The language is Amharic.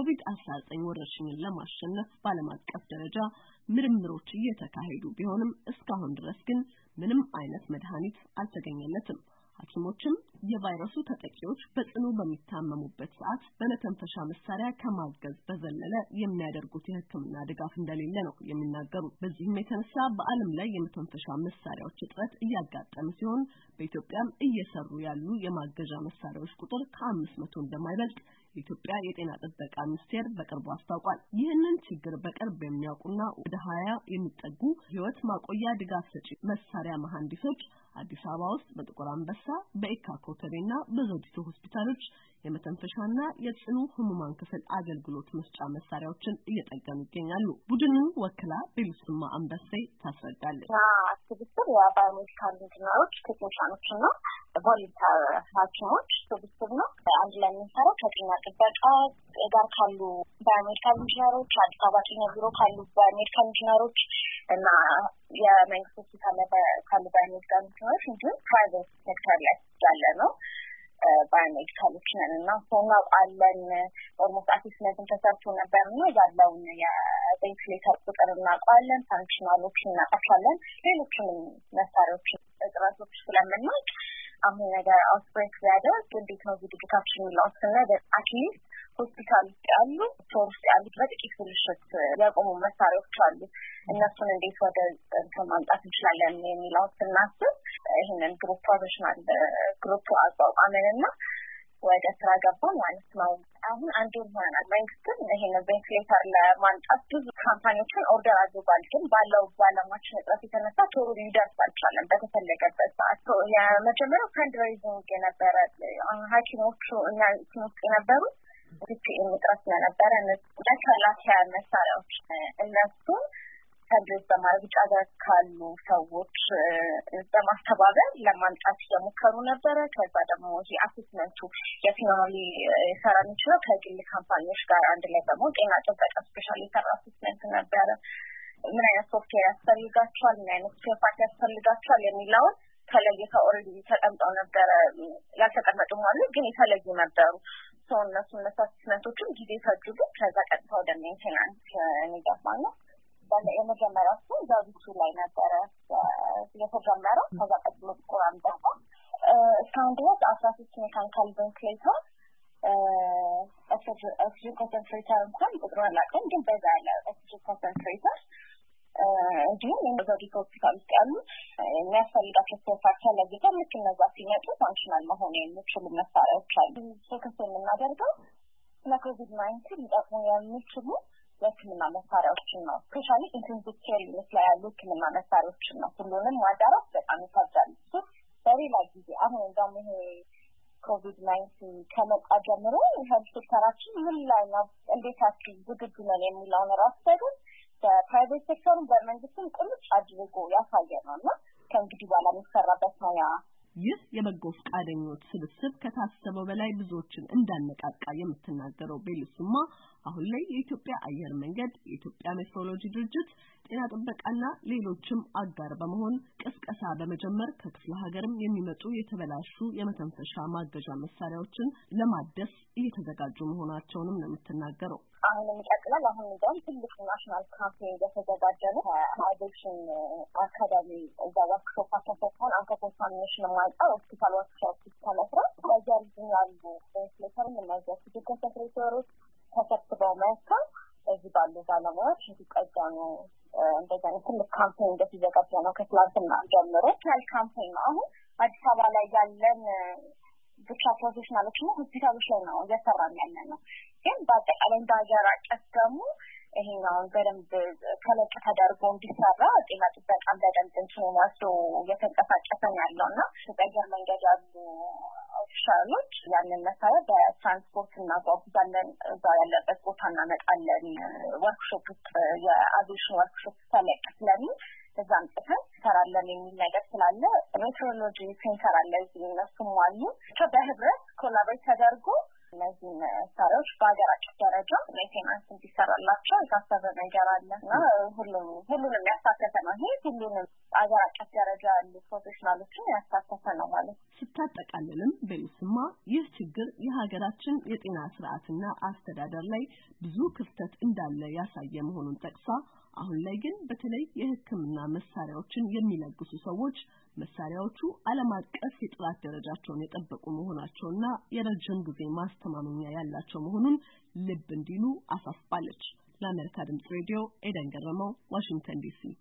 የኮቪድ-19 ወረርሽኝን ለማሸነፍ በዓለም አቀፍ ደረጃ ምርምሮች እየተካሄዱ ቢሆንም እስካሁን ድረስ ግን ምንም አይነት መድኃኒት አልተገኘለትም። ሐኪሞችም የቫይረሱ ተጠቂዎች በጽኑ በሚታመሙበት ሰዓት በመተንፈሻ መሳሪያ ከማገዝ በዘለለ የሚያደርጉት የሕክምና ድጋፍ እንደሌለ ነው የሚናገሩ በዚህም የተነሳ በዓለም ላይ የመተንፈሻ መሳሪያዎች እጥረት እያጋጠመ ሲሆን በኢትዮጵያም እየሰሩ ያሉ የማገዣ መሳሪያዎች ቁጥር ከአምስት መቶ እንደማይበልጥ የኢትዮጵያ የጤና ጥበቃ ሚኒስቴር በቅርቡ አስታውቋል። ይህንን ችግር በቅርብ የሚያውቁና ወደ ሀያ የሚጠጉ ሕይወት ማቆያ ድጋፍ ሰጪ መሳሪያ መሐንዲሶች አዲስ አበባ ውስጥ በጥቁር አንበሳ፣ በኤካ ኮተቤና በዘውዲቱ ሆስፒታሎች የመተንፈሻና የጽኑ ህሙማን ክፍል አገልግሎት መስጫ መሳሪያዎችን እየጠገኑ ይገኛሉ። ቡድኑን ወክላ ቤሉስማ አንበሴ ታስረዳለች። አክቲቪስትም የአባ ኢንጂነሮች ቴክኒሻኖች እና ቮለንታር ሐኪሞች ስብስብ ነው። አንድ ላይ የምንሰራው ከጤና ጥበቃ ጋር ካሉ ባዮሜዲካል ኢንጂነሮች፣ አዲስ አበባ ጤና ቢሮ ካሉ ባዮሜዲካል ኢንጂነሮች እና የመንግስት ሆስፒታል ካሉ ባዮሜዲካል ኢንጂነሮች እንዲሁም ፕራይቬት ሴክተር ላይ ያለ ነው ባዮሜዲካሎች ነን እና ሰናብ አለን ኦልሞስት አሴስመንትን ተሰርቶ ነበር እና ያለውን የቬንትሌተር ቁጥር እናውቃለን። ፋንክሽናሎችን እናውቃቸዋለን። ሌሎችንም መሳሪያዎችን እጥረቶች ስለምናውቅ ጫማ ነገር አውትብሬክ ሲያደርግ እንዴት ነው እዚህ ድግታችን የሚለውን ነገር አትሊስት ሆስፒታል ውስጥ ያሉ ቶር ውስጥ ያሉት በጥቂት ብልሽት ያቆሙ መሳሪያዎች አሉ። እነሱን እንዴት ወደ እንትን ማምጣት እንችላለን የሚለውን ስናስብ ይህንን ግሩፕ ፕሮፌሽናል ግሩፕ አቋቋመን እና ወደ ስራ ገባ ማለት ነው። አሁን አንዱ ይሆናል መንግስትም ይሄን ቬንትሌተር ለማምጣት ብዙ ካምፓኒዎችን ኦርደር አድርጓል። ግን ባለው ባለማችን እጥረት የተነሳ ቶሎ ሊደርስ አልቻለም በተፈለገበት ሰዓት። የመጀመሪያው ፈንድሬይዚንግ የነበረ ሐኪሞቹ እና ቲሞች የነበሩ ፒፒኤ እጥረት ስለነበረ ለካላከያ መሳሪያዎች እነሱም ከድረስ በማድረግ ውጭ ካሉ ሰዎች በማስተባበር ለማምጣት እየሞከሩ ነበረ። ከዛ ደግሞ ይሄ አሴስመንቱ የፊኖኖሊ ሰራ የሚችለው ከግል ካምፓኒዎች ጋር አንድ ላይ ደግሞ ጤና ጥበቃ ስፔሻል የሰራ አሴስመንት ነበረ። ምን አይነት ሶፍትዌር ያስፈልጋቸዋል፣ ምን አይነት ቴፓት ያስፈልጋቸዋል የሚለውን ተለይተ ኦልሬዲ ተቀምጠው ነበረ። ያልተቀመጡ ማለት ግን የተለዩ ነበሩ። ሰው እነሱ እነሱ አሴስመንቶቹም ጊዜ ፈጁ። ግን ከዛ ቀጥታ ወደ ሜንቴናንስ ነው። የመጀመሪያ እሱ እዛ ቢቹ ላይ ነበረ የተጀመረው። ከዛ ቀጥሎ ቁራም ጠፋ። እስካሁን ድረስ አስራ ሶስት ሜካኒካል ቨንትሌተር ኦክሲጅን ኮንሰንትሬተር እንኳን ቁጥሩ አላውቅም፣ ግን በዛ ያለ ኦክሲጅን ኮንሰንትሬተር እንዲሁም በዲክ ሆስፒታል ውስጥ ያሉ የሚያስፈልጋቸው ስፔር ለጊዜ ልክ እነዛ ሲመጡ ፋንክሽናል መሆን የሚችሉ መሳሪያዎች አሉ። ፎከስ የምናደርገው ለኮቪድ ናይንቲን ሊጠቅሙ የሚችሉ የህክምና መሳሪያዎችን ነው። ስፔሻሊ ኢንቴንሲቭ ኬር ዩኒት ላይ ያሉ ህክምና መሳሪያዎችን ነው። ሁሉንም ማዳረስ በጣም ይከብዳል። እሱ በሌላ ጊዜ አሁን እንደውም ይሄ ኮቪድ ናይንቲን ከመጣ ጀምሮ ይህል ሴክተራችን ምን ላይ ነው፣ እንዴታችሁ ዝግጁ ነን የሚለውን ራሱ ደግሞ በፕራይቬት ሴክተሩን በመንግስትም ቁልጭ አድርጎ ያሳየ ነው እና ከእንግዲህ በኋላ የሚሰራበት ሙያ ይህ የበጎ ፈቃደኞች ስብስብ ከታሰበው በላይ ብዙዎችን እንዳነቃቃ የምትናገረው ቤልሱማ አሁን ላይ የኢትዮጵያ አየር መንገድ፣ የኢትዮጵያ ሜትሮሎጂ ድርጅት፣ ጤና ጥበቃና ሌሎችም አጋር በመሆን ቅስቀሳ በመጀመር ከክፍለ ሀገርም የሚመጡ የተበላሹ የመተንፈሻ ማገዣ መሳሪያዎችን ለማደስ እየተዘጋጁ መሆናቸውንም ነው የምትናገረው። አሁንም ይቀጥላል። አሁን እንዲያውም ትልቅ ናሽናል ካምፔን እየተዘጋጀ ነው። አዶፕሽን አካዳሚ እዛ ወርክሾፕ አሰሰትሆን አንከኮንታሚኔሽን ማይጣ ሆስፒታል ወርክሾፕ ተመስራት በጀርዝን ያሉ እነዚያ የማይዘቱ ኮንሰንትሬተሮች ተሰብስበው መጥተው እዚህ ባሉ ባለሙያዎች እንዲቀደሙ እንደዛ ትልቅ ካምፔን እንደተዘጋጀ ነው። ከትላንትና ጀምሮ ትላል ካምፔን ነው። አሁን አዲስ አበባ ላይ ያለን ብቻ ፕሮፌሽናሎች ነው ሆስፒታሎች ላይ ነው እየሰራን ያለ ነው። ግን በአጠቃላይ እንደ ሀገር አቀፍ ደግሞ ይሄኛውን በደንብ ተለቅ ተደርጎ እንዲሰራ ጤና ጥበቃን በደንብ እንትኑ ወስዶ እየተንቀሳቀሰ ነው ያለው እና በአየር መንገድ ያሉ ኦፊሻሎች ያንን መሳሪያ በትራንስፖርት እናጓጉዛለን፣ እዛ ያለበት ቦታ እናመጣለን። ወርክሾፕ ውስጥ የአቪዬሽን ወርክሾፕ ተለቅ ስለሚል እዛም አንጽፈን እንሰራለን የሚል ነገር ስላለ ሜትሮሎጂ ሴንተር አለ እዚህ እነሱም አሉ በህብረት ኮላቦሬት ተደርጎ እነዚህን መሳሪያዎች በሀገራቸው ደረጃ ሜቴናንስ እንዲሰራላቸው የታሰበ ነገር አለ እና ሁሉም ሁሉንም ያሳተፈ ነው። ይሄ ሁሉንም አገር አቀፍ ደረጃ ያሉ ፕሮፌሽናሎችን ያሳተፈ ነው ማለት ነው። ስታጠቃልልም በሚስማ ይህ ችግር የሀገራችን የጤና ስርዓትና አስተዳደር ላይ ብዙ ክፍተት እንዳለ ያሳየ መሆኑን ጠቅሳ አሁን ላይ ግን በተለይ የህክምና መሳሪያዎችን የሚለግሱ ሰዎች መሳሪያዎቹ ዓለም አቀፍ የጥራት ደረጃቸውን የጠበቁ መሆናቸውና የረጅም ጊዜ ማስተማመኛ ያላቸው መሆኑን ልብ እንዲሉ አሳስባለች። ለአሜሪካ ድምጽ ሬዲዮ ኤደን ገረመው፣ ዋሽንግተን ዲሲ